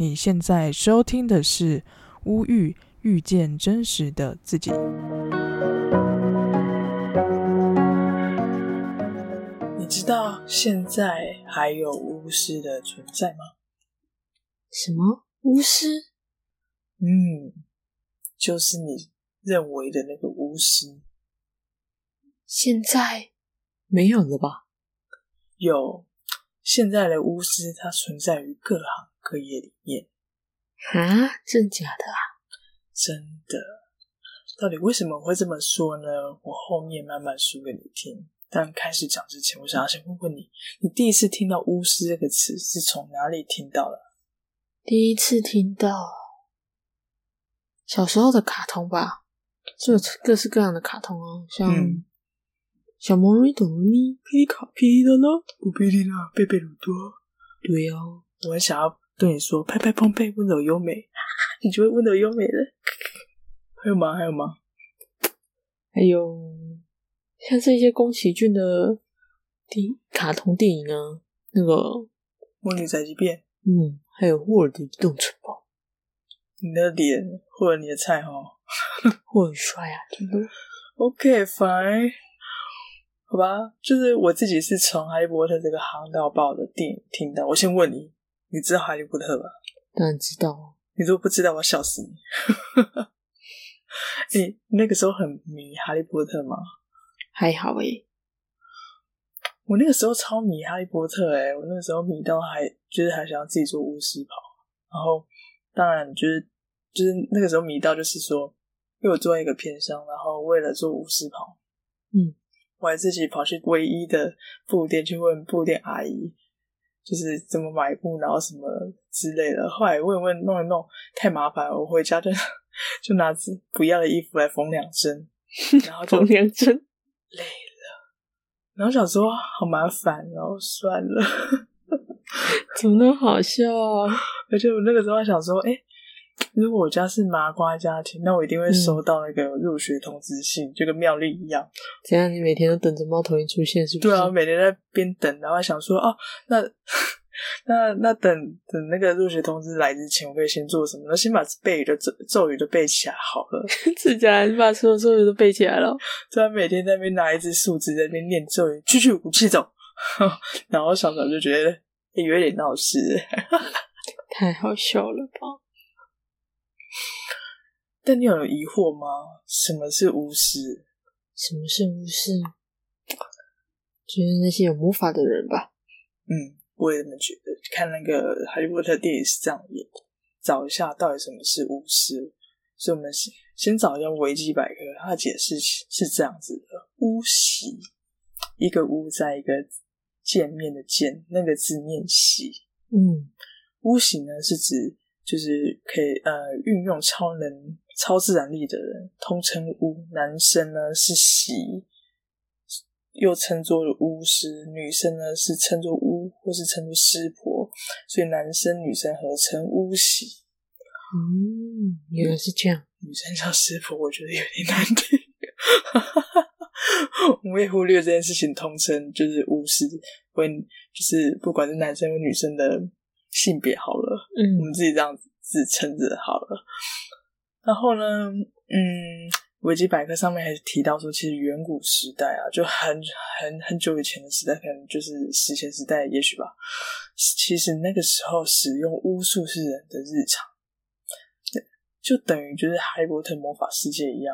你現在收聽的是烏玉《巫遇遇見真實的自己》。你知道現在還有巫師的存在嗎？什麼巫師？嗯，就是你認為的那個巫師。現在沒有了吧？有，現在的巫師他存在於各行。行業裡面，啊，真假的啊？真的，到底為什麼會這麼說呢？我後面慢慢說給你聽。但開始講之前，我想要先問問你，你第一次聽到“巫師”這個詞是從哪裡聽到的？第一次聽到，小時候的卡通吧，就有各式各樣的卡通哦、啊，像小魔女多露咪、皮卡皮的呢不比利娜、貝貝魯多，對哦，我想要對你說，拍拍碰碰，溫柔優美，你就會溫柔優美的。還有嗎？還有嗎？還有，像是一些宮崎駿的電卡通電影啊，那個《魔女宅急便》。嗯，還有《霍爾的移動城堡》。你的臉或者你的菜哈？ 我很帥啊，真的。OK, fine, okay, 好吧，就是我自己是從《哈利波特》這個航道把我的電影聽到。我先問你。你知道哈利波特吧？當然知道。你如果不知道，我笑死你！ 你那個時候很迷哈利波特嗎？還好誒、欸、我那個時候超迷哈利波特誒、欸、我那個時候迷到還就是還想要自己做巫師袍，然後當然就是就是那個時候迷到就是說，因為我做一個偏鄉，然後為了做巫師袍，嗯，我還自己跑去唯一的布店去問布店阿姨。就是怎麼買布，然後什麼之類的，後來問一問弄一弄，太麻煩，我回家就就拿自己不要的衣服來縫兩針，然後縫兩針，累了， 然後想說好麻煩，然後算了， 怎麼那麼好笑、啊？而且我那個時候還想說，誒、欸如果我家是麻瓜家庭，那我一定會收到那個入學通知信，嗯、就跟妙麗一樣。這樣你每天都等着貓頭鷹出現，是不是？對啊，每天在邊等，然後還想說，哦，那那那，那等等那個入學通知來之前，我可以先做什麼？那先把背語的咒咒語都背起來好了。是這樣，你把所有咒語都背起來了，就他每天在那邊拿一支樹枝在那邊念咒語，去去武器走。 然後想想就覺得、欸、有點鬧事， 太好笑了吧？但你有疑惑嗎？什麼是巫師？什麼是巫師？就是那些有魔法的人吧。嗯，我也這麼覺得。看那個《哈利波特》電影是這樣演。找一下到底什麼是巫師？所以我們先先找一下維基百科，他的解釋是這樣子的：巫覡，一個巫在一個見面的見，那個字念覡。嗯，巫覡呢是指就是可以呃運用超能。超自然力的人通稱巫，男生呢是“覡”，又稱作巫師；女生呢是稱作巫，或是稱作師婆。所以男生、女生合稱巫覡。嗯，原來是這樣。女生叫師婆，我覺得有點難聽。 我們忽略這件事情，通稱就是巫師。會，就是不管是男生和女生的性別好了，嗯，我們自己這樣子稱着好了。然後呢，嗯，維基百科上面還提到說，其實遠古時代啊，就很很很久以前的時代，可能就是史前時代，也許吧。其實那個時候使用巫術是人的日常，就等於就是《哈利波特》魔法世界一樣，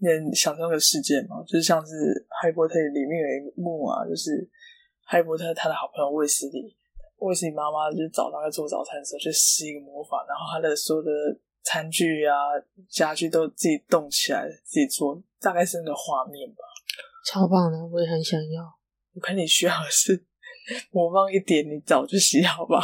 你想象個世界嘛，就是像是《哈利波特》裡面有一幕啊，就是哈利波特他的好朋友衛斯理，衛斯理媽媽就是早上在做早餐的時候就施一個魔法，然後他說的所有的。餐具啊，家具都自己動起來，自己做，大概是那個畫面吧。超棒的，我也很想要。我看你需要的是魔棒一點，你早就洗好吧。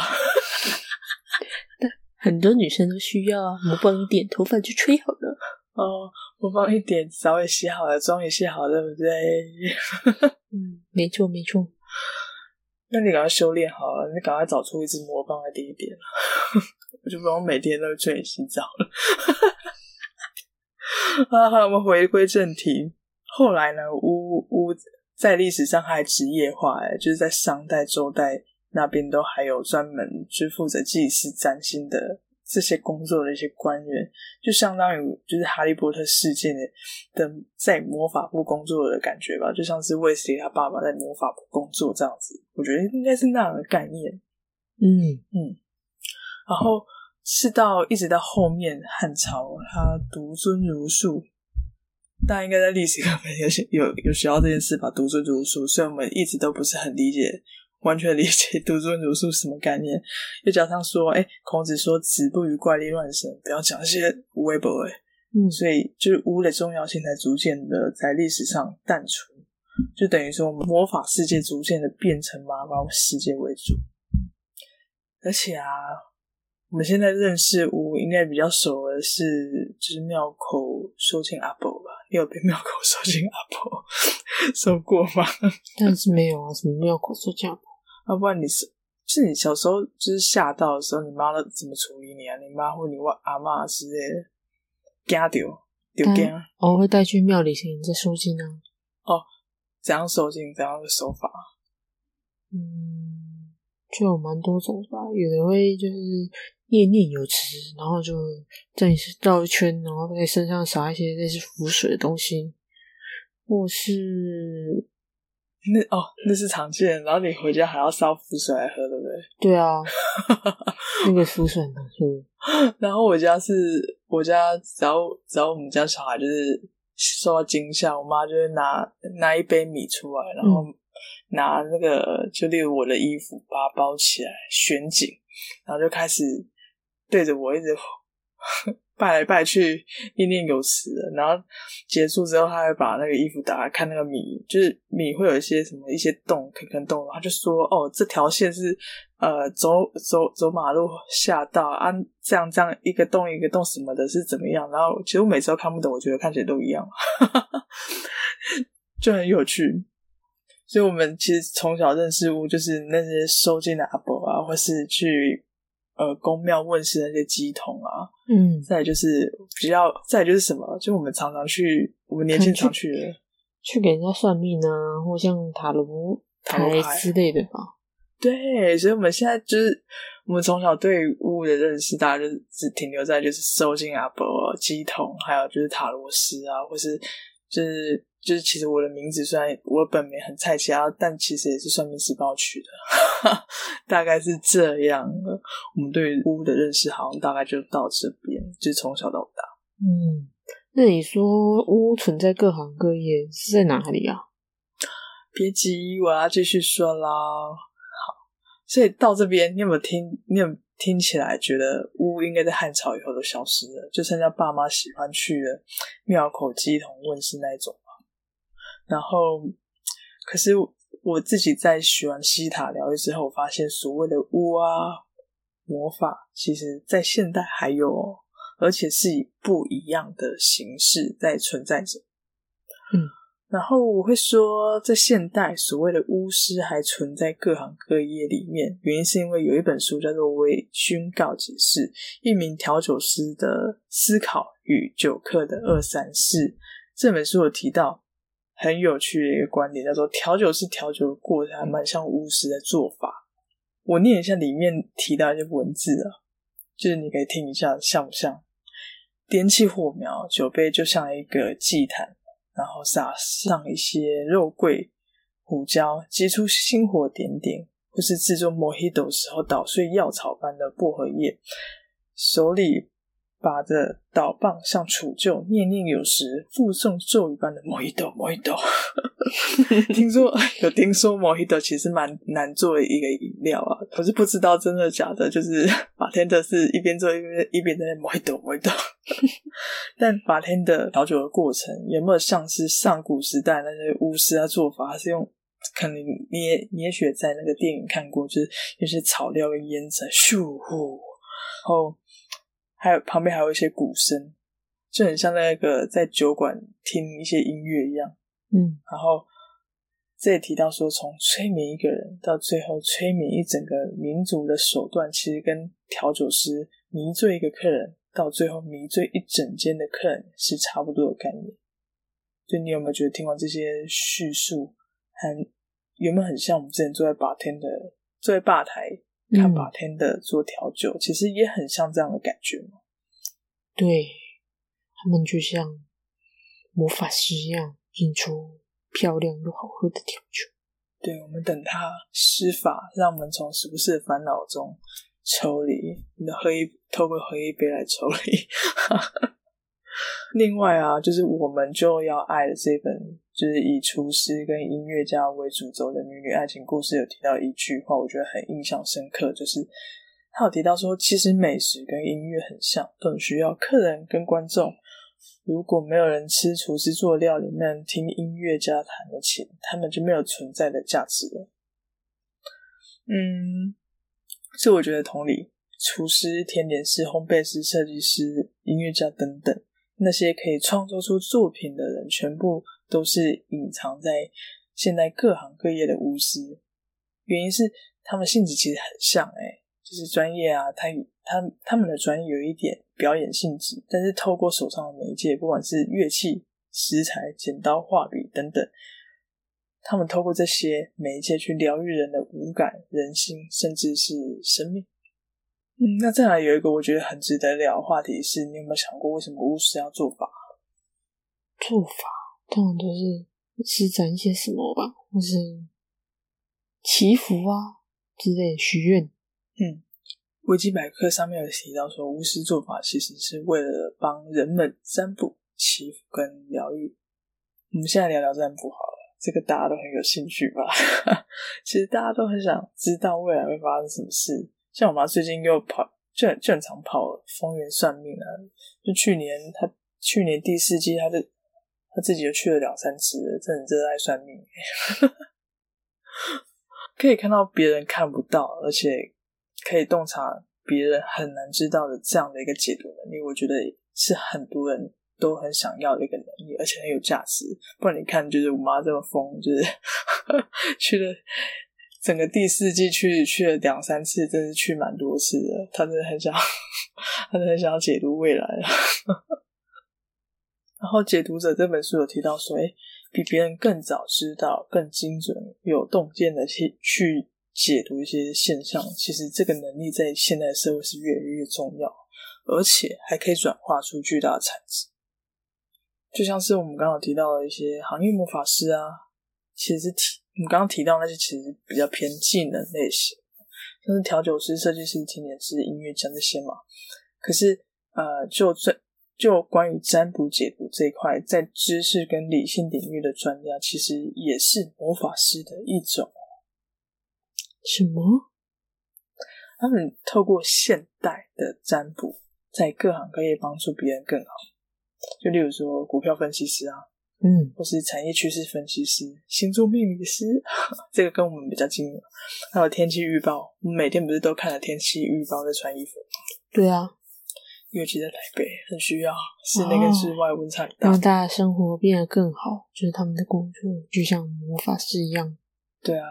很多女生都需要啊，魔棒一點， 頭髮就吹好了。哦，魔棒一點， 澡也洗好了，妝也卸好了，對不對？ 嗯，沒錯，沒錯。那你趕快修煉好了，你趕快找出一隻魔棒來點一點， 我就不用每天都催你洗澡了。 好好，好，我們回歸正題。後來呢，巫巫在歷史上還職業化，就是在商代、周代那邊都還有專門負責著祭祀占星的。這些工作的一些官員，就相當於就是哈利波特事件的在魔法部工作的感覺吧，就像是魏斯他爸爸在魔法部工作這樣子，我覺得應該是那樣的概念。嗯嗯，然後是到一直到後面漢朝，他獨尊儒術，大家應該在歷史課本有有有學到這件事吧？獨尊儒術，所以我們一直都不是很理解。完全理解“獨尊儒術”什麼概念，又加上說：“哎、欸，孔子說‘子不語怪力亂神’，不要講些微博哎。有有欸”嗯，所以就是巫的重要性才逐漸的在歷史上淡出，就等於說魔法世界逐漸的變成麻瓜世界為主。而且啊，我們現在認識巫應該比較熟的是就是廟口收驚阿婆吧？你有被廟口收驚阿婆收過嗎？但是沒有啊，什麼廟口收驚阿婆？要、啊、不然你是，是你小時候就是嚇到的時候，你媽都怎麼處理你啊？你媽或你外阿媽是丟丢丟啊？我、哦、會帶去廟裡，先，你再收驚啊。哦，怎樣收驚？怎樣的手法？嗯，就有蠻多種吧。有的會就是念念有詞，然後就在你繞一圈，然後在身上撒一些類似符水的東西，或是。那哦，那是常見，然後你回家還要燒符水來喝，對不對？對啊， 那個符水呢？嗯。然後我家是我家，只要只要我們家小孩就是受到驚嚇，我媽就會拿拿一杯米出來，然後拿那個、嗯、就例如我的衣服把它包起來，旋緊，然後就開始對着我一直。拜來拜去，念念有詞了，然後結束之後，他會把那個衣服打開看那個米，就是米會有一些什麼一些洞，坑坑洞，他就說：“哦，這條線是呃走走走馬路下道啊，這樣這樣一個洞一個洞什麼的，是怎麼樣？”然後其實我每次都看不懂，我覺得看起來都一樣， 就很有趣。所以，我們其實從小認識巫，就是那些收驚的阿婆啊，或是去。呃，宮廟問事的那些乩童啊，嗯，再就是比較，再就是什麼，就我們常常去，我們年輕常去，的去，去給人家算命呢、啊，或像塔羅塔羅之類的吧。對，所以我們現在就是我們從小對巫的認識，大家就只停留在就是收驚阿婆乩童，還有就是塔羅師啊，或是。就是就是，就是、其實我的名字雖然我本名很菜，其他但其實也是算命師報取的， 大概是這樣。我們對巫的認識好像大概就到這邊，就從、是、小到大。嗯，那你說巫存在各行各業是在哪裡啊？別急，我要繼續說啦。好，所以到這邊你有沒有聽？你有。有聽起來覺得巫應該在漢朝以後都消失了，就剩下爸媽喜歡去的廟口、乩童問事那種嘛。然後，可是我自己在學完西塔療癒之後，發現所謂的巫啊魔法，其實，在現代還有，而且是以不一樣的形式在存在着。嗯。然後我會說，在現代，所謂的巫師還存在各行各業裡面。原因是因為有一本書叫做《微醺告解室：一名調酒師的思考與酒客的二三事》。這本書有提到很有趣的一個觀點，叫做調酒師調酒的過程還蠻像巫師的做法。我念一下裡面提到一些文字啊，就是你可以聽一下，像不像？點起火苗，酒杯就像一個祭壇。然後撒上一些肉桂、胡椒，激出星火點點；或、就是製作 Mojito 時候搗碎藥草般的薄荷葉，手裡，把着搗棒向舊，像杵臼念念有詞附送咒語般的莫伊豆莫伊豆。摩 聽說有聽說莫伊豆其實蠻難做的一個飲料啊，可是不知道真的假的。就是法天德是一邊做一邊一邊在莫伊豆莫伊豆。 但法天德調酒的過程有沒有像是上古時代那些巫師啊做法？還是用可能捏捏血在那個電影看過，就是有些草料跟煙塵咻呼，然後。還有旁邊還有一些鼓聲，就很像那個在酒館聽一些音樂一樣。嗯，然後這裡提到說，從催眠一個人到最後催眠一整個民族的手段，其實跟調酒師迷醉一個客人到最後迷醉一整間的客人是差不多的概念。就你有沒有覺得聽完這些敘述，很有沒有很像我們之前坐在吧台的坐在吧台？看 b 天的做調酒、嗯，其實也很像這樣的感覺嘛。對，他們就像魔法師一樣，引出漂亮又好喝的調酒。對，我們等他施法，讓我們從時不時的煩惱中抽離。你的喝一透過喝一杯來抽離。 另外啊，就是我們就要愛的這份。就是以廚師跟音樂家為主軸的女女愛情故事，有提到一句話，我覺得很印象深刻，就是他有提到說，其實美食跟音樂很像，更需要客人跟觀眾。如果沒有人吃廚師做料理，沒人聽音樂家彈的琴，他們就沒有存在的價值了。嗯，這我覺得同理，廚師、甜點師、烘焙師、設計師、音樂家等等，那些可以創作出作品的人，全部。都是隱藏在現在各行各業的巫師，原因是他們性質其實很像誒、欸，就是專業啊，他他他們的專業有一點表演性質，但是透過手上的媒介，不管是樂器、食材、剪刀、畫筆等等，他們透過這些媒介去療癒人的五感、人心，甚至是生命。嗯，那再來有一個我覺得很值得聊的話題是，你有沒有想過為什麼巫師要做法？做法。通常都是施展一些什麼吧，或是祈福啊之類許願。嗯，維基百科上面有提到說，巫師做法其實是為了幫人們占卜、祈福跟療癒。我們現在聊聊占卜好了，這個大家都很有興趣吧？ 其實大家都很想知道未來會發生什麼事。像我媽最近又跑，就很就很常跑方圓算命啊。就去年她，去年第四季她的。他自己又去了兩三次了，真的真的愛算命， 可以看到別人看不到，而且可以洞察別人很難知道的這樣的一個解讀能力，我覺得是很多人都很想要的一個能力，而且很有價值。不然你看，就是我媽這麼瘋，就是 去了整個第四季去了去了兩三次，真是去蠻多次的，他真的很想，他真的很想要解讀未來了。 然後《解讀者》這本書有提到說，哎，比別人更早知道、更精準、有洞見的去去解讀一些現象，其實這個能力在現代社會是越來越重要，而且還可以轉化出巨大的產值。就像是我們剛剛提到的一些行業魔法師啊，其實是提我們剛剛提到那些其實比較偏技能類型，像是調酒師、設計師、甜點師、音樂家這些嘛。可是，呃，就最。就關於占卜解讀這一塊，在知識跟理性領域的專家，其實也是魔法師的一種。什麼？他們透過現代的占卜，在各行各業幫助別人更好。就例如說，股票分析師啊，嗯，或是產業趨勢分析師、星座命理師， 這個跟我們比較近。還有天氣預報，我們每天不是都看了天氣預報在穿衣服嗎？對啊。尤其在台北很需要，是那個是室外溫差很大的。讓、哦、大家的生活變得更好，就是他們的工作就像魔法師一樣。對啊，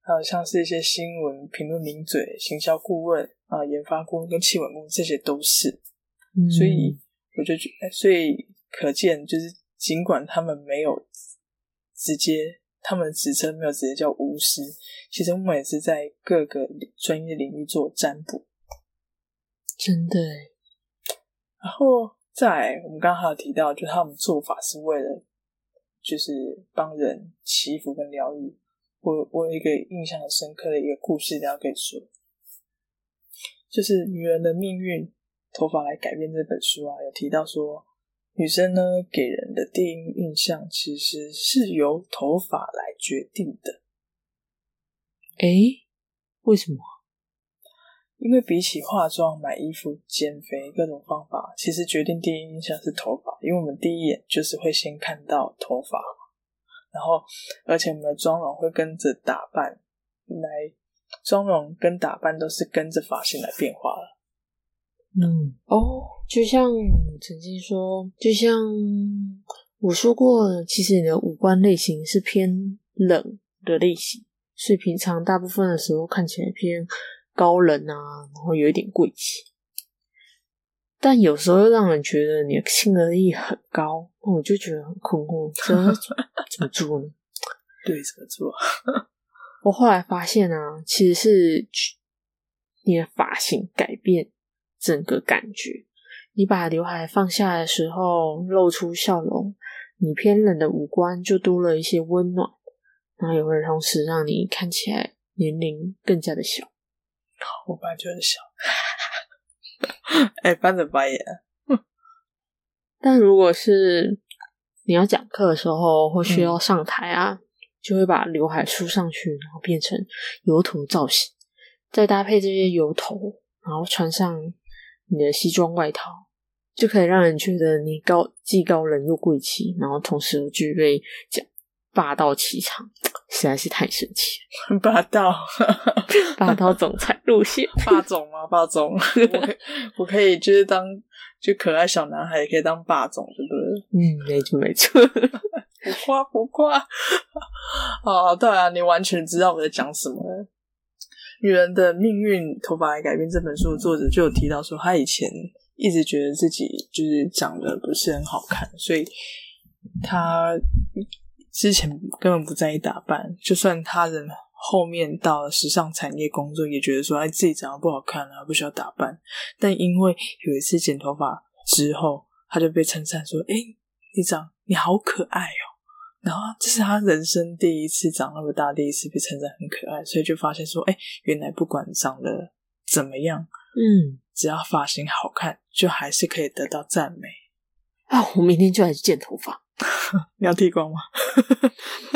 還有像是一些新聞評論、名嘴、行銷顧問啊、呃、研發顧問跟企穩顧問，這些都是、嗯。所以我就覺得，所以可見，就是儘管他們沒有直接，他們的職稱沒有直接叫巫師，其實我們也是在各個專業領域做占卜。真的。然後，再我們剛剛還有提到，就是他們做法是為了，就是幫人祈福跟療癒。我我有一個印象很深刻的一個故事，要可以說，就是《女人的命運：頭髮來改變》這本書啊，有提到說，女生呢，給人的第一印象，其實是由頭髮來決定的、欸。哎，為什麼？因為比起化妝、買衣服、減肥各種方法，其實決定第一印象是頭髮，因為我們第一眼就是會先看到頭髮，然後而且我們的妝容會跟着打扮來，妝容跟打扮都是跟着髮型來變化的。嗯，哦，就像我曾經說，就像我說過，其實你的五官類型是偏冷的類型，所以平常大部分的時候看起來偏高冷啊，然後有一點貴氣，但有時候又讓人覺得你的性格力很高，我就覺得很困惑，怎麼怎麼做呢？ 對，怎麼做？ 我後來發現呢、啊，其實是你的髮型改變整個感覺。你把劉海放下來的時候，露出笑容，你偏冷的五官就多了一些溫暖，然後也會同時讓你看起來年齡更加的小。我本來就很小，哎、 欸，翻的白眼。 但如果是你要講課的時候，或需要上台啊，嗯、就會把劉海梳上去，然後變成油頭造型，再搭配這些油頭，然後穿上你的西裝外套，就可以讓人覺得你高，既高冷又貴氣，然後同時具備講霸道氣場。實在是太神奇了，很霸道，霸道總裁路線霸總嗎？霸總，我可以，我可以就是當就可愛小男孩，也可以當霸總，對不對？嗯，沒錯，沒 錯，不誇不誇啊！對啊，你完全知道我在講什麼。《女人的命運：頭髮來改變》這本書的作者就有提到說，她以前一直覺得自己就是長得不是很好看，所以她。之前根本不在意打扮，就算他人後面到了時尚產業工作，也覺得說：“哎，自己長得不好看啊，不需要打扮。”但因為有一次剪頭髮之後，他就被稱讚說：“誒、哎，你長你好可愛哦！”然後這是他人生第一次長那麼大，第一次被稱讚很可愛，所以就發現說：“誒、哎，原來不管長得怎麼樣，嗯，只要髮型好看，就還是可以得到讚美。”哦，啊，我明天就要去剪頭髮。 你要剃光嗎？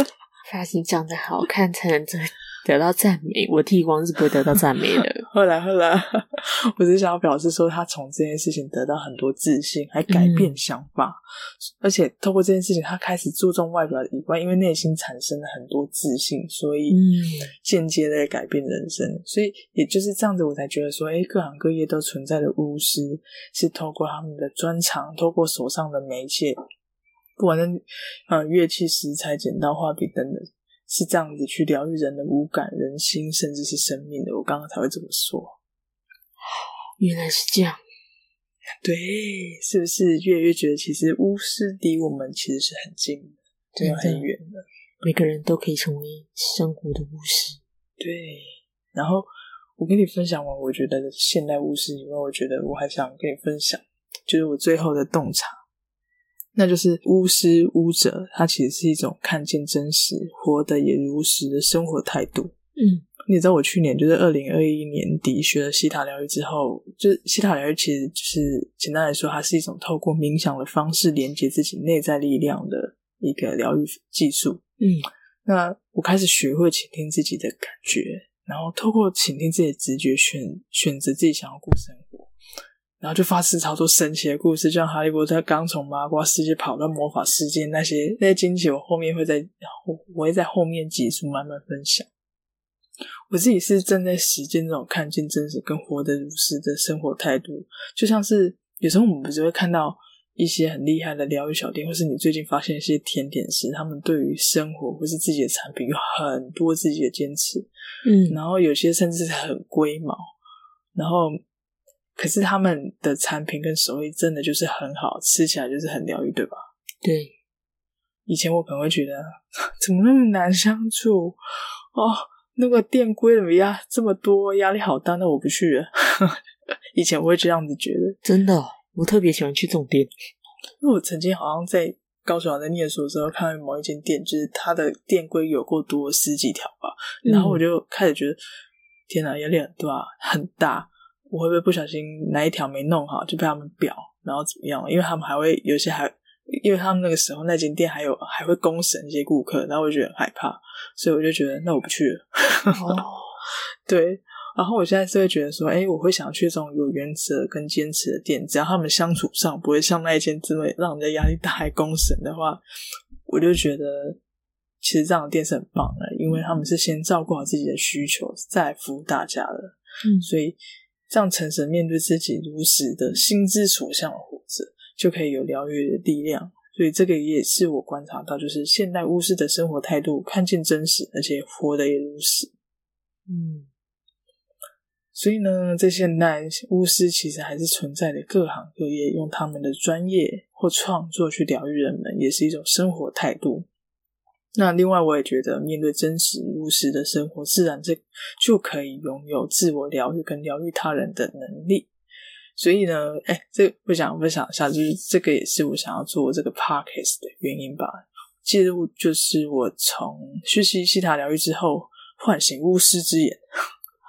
髮型長得好看才能得到讚美，我剃光是不會得到讚美的 。後來後來，我只想要表示說，他從這件事情得到很多自信，還改變想法，而且透過這件事情，他開始注重外表以外，因為內心產生了很多自信，所以間接的改變人生。所以也就是這樣子，我才覺得說，誒，各行各業都存在的巫師，是透過他們的專長，透過手上的媒介。反、嗯、正，啊，樂器、食材、剪刀、畫筆等等，是這樣子去療癒人的五感、人心，甚至是生命的。我剛剛才會這麼說，原來是這樣。對，是不是越來越覺得，其實巫師離我們其實是很近的，對，對，很遠的。每個人都可以成為生活的巫師。對。然後我跟你分享完，我覺得現代巫師以外，我覺得我還想跟你分享，就是我最後的洞察。那就是巫師、巫者，他其實是一種看見真實、活得也如實的生活態度。嗯，你知道我去年就是二零二一年底學了西塔療癒之後，就是西塔療癒其實就是簡單來說，它是一種透過冥想的方式連接自己內在力量的一個療癒技術。嗯，那我開始學會傾聽自己的感覺，然後透過傾聽自己的直覺選選擇自己想要過生。然後就發生超多神奇的故事，就像哈利波特剛從麻瓜世界跑到魔法世界，那些那些驚奇，我後面會在，我，我會在後面集數慢慢分享。我自己是正在實踐這種看見真實跟活得如實的生活態度，就像是有時候我們不是會看到一些很厲害的療癒小店，或是你最近發現一些甜點師，他們對於生活或是自己的產品有很多自己的堅持，嗯，然後有些甚至是很龜毛，然後。可是他們的產品跟手藝真的就是很好，吃起來就是很療癒，對吧？對。以前我可能會覺得怎麼那麼難相處哦，那個店規怎麼壓這麼多壓力好大，那我不去了。 以前我會這樣子覺得，真的，我特別喜歡去這種店，因為我曾經好像在高雄在念書的時候，看到某一間店，就是它的店規有過多十幾條吧，然後我就開始覺得，嗯、天哪、啊，壓力很大，很大。我會不會不小心哪一條沒弄好就被他們表，然後怎麼樣？因為他們還會有些還，因為他們那個時候那間店還有還會公審一些顧客，然後我就覺得很害怕，所以我就覺得那我不去了。哦， 對，然後我現在是會覺得說，哎、欸，我會想要去這種有原則跟堅持的店，只要他們相處上不會像那一間之類讓人家壓力大還公審的話，我就覺得其實這樣的店是很棒的，因為他們是先照顧好自己的需求再服務大家的。嗯，所以。這樣誠實面對自己，如實的心之所向活着，就可以有療癒的力量。所以這個也是我觀察到，就是現代巫師的生活態度，看見真實，而且活得也如實。嗯，所以呢，這些現代巫師其實還是存在的，各行各業用他們的專業或創作去療癒人們，也是一種生活態度。那另外，我也覺得面對真實、巫師的生活，自然就，就可以擁有自我療癒跟療癒他人的能力。所以呢，哎、欸，這我、個、想分享一下，就是這個也是我想要做這個 podcast 的原因吧。記錄就是我從學習西，西塔療癒之後，喚醒巫師之眼，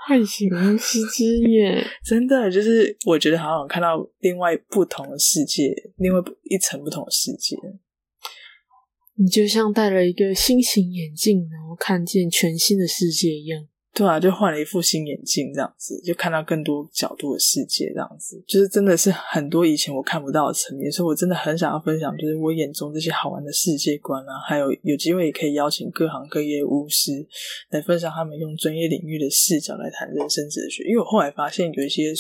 喚醒巫師之眼， 真的就是我覺得好像看到另外不同的世界，另外一層不同的世界。你就像戴了一個新型眼鏡，然後看見全新的世界一樣。對啊，就換了一副新眼鏡，這樣子就看到更多角度的世界，這樣子就是真的是很多以前我看不到的層面。所以我真的很想要分享，就是我眼中這些好玩的世界觀啊，還有有機會也可以邀請各行各業的巫師來分享他們用專業領域的視角來談人生哲學。因為我後來發現有一些。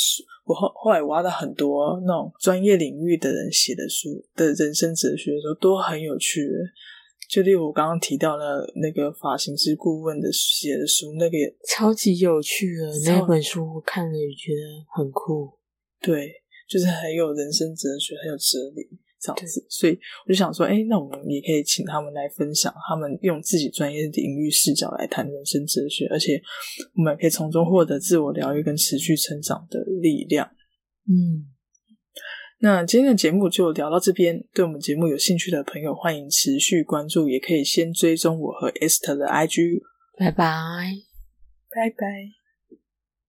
我後後來挖到很多那種專業領域的人寫的書的人生哲學的時候都很有趣，就例如我剛剛提到了那個髮型師顧問的寫的書，那個也超級有趣啊！那本書我看了也覺得很酷，對，就是很有人生哲學，很有哲理。所以我就想說，哎、欸，那我們也可以請他們來分享，他們用自己專業的領域視角來談人生哲學，而且我們可以從中獲得自我療癒跟持續成長的力量。嗯，那今天的節目就聊到這邊，對我們節目有興趣的朋友，歡迎持續關注，也可以先追蹤我和 Esther 的 IG。拜拜，拜拜。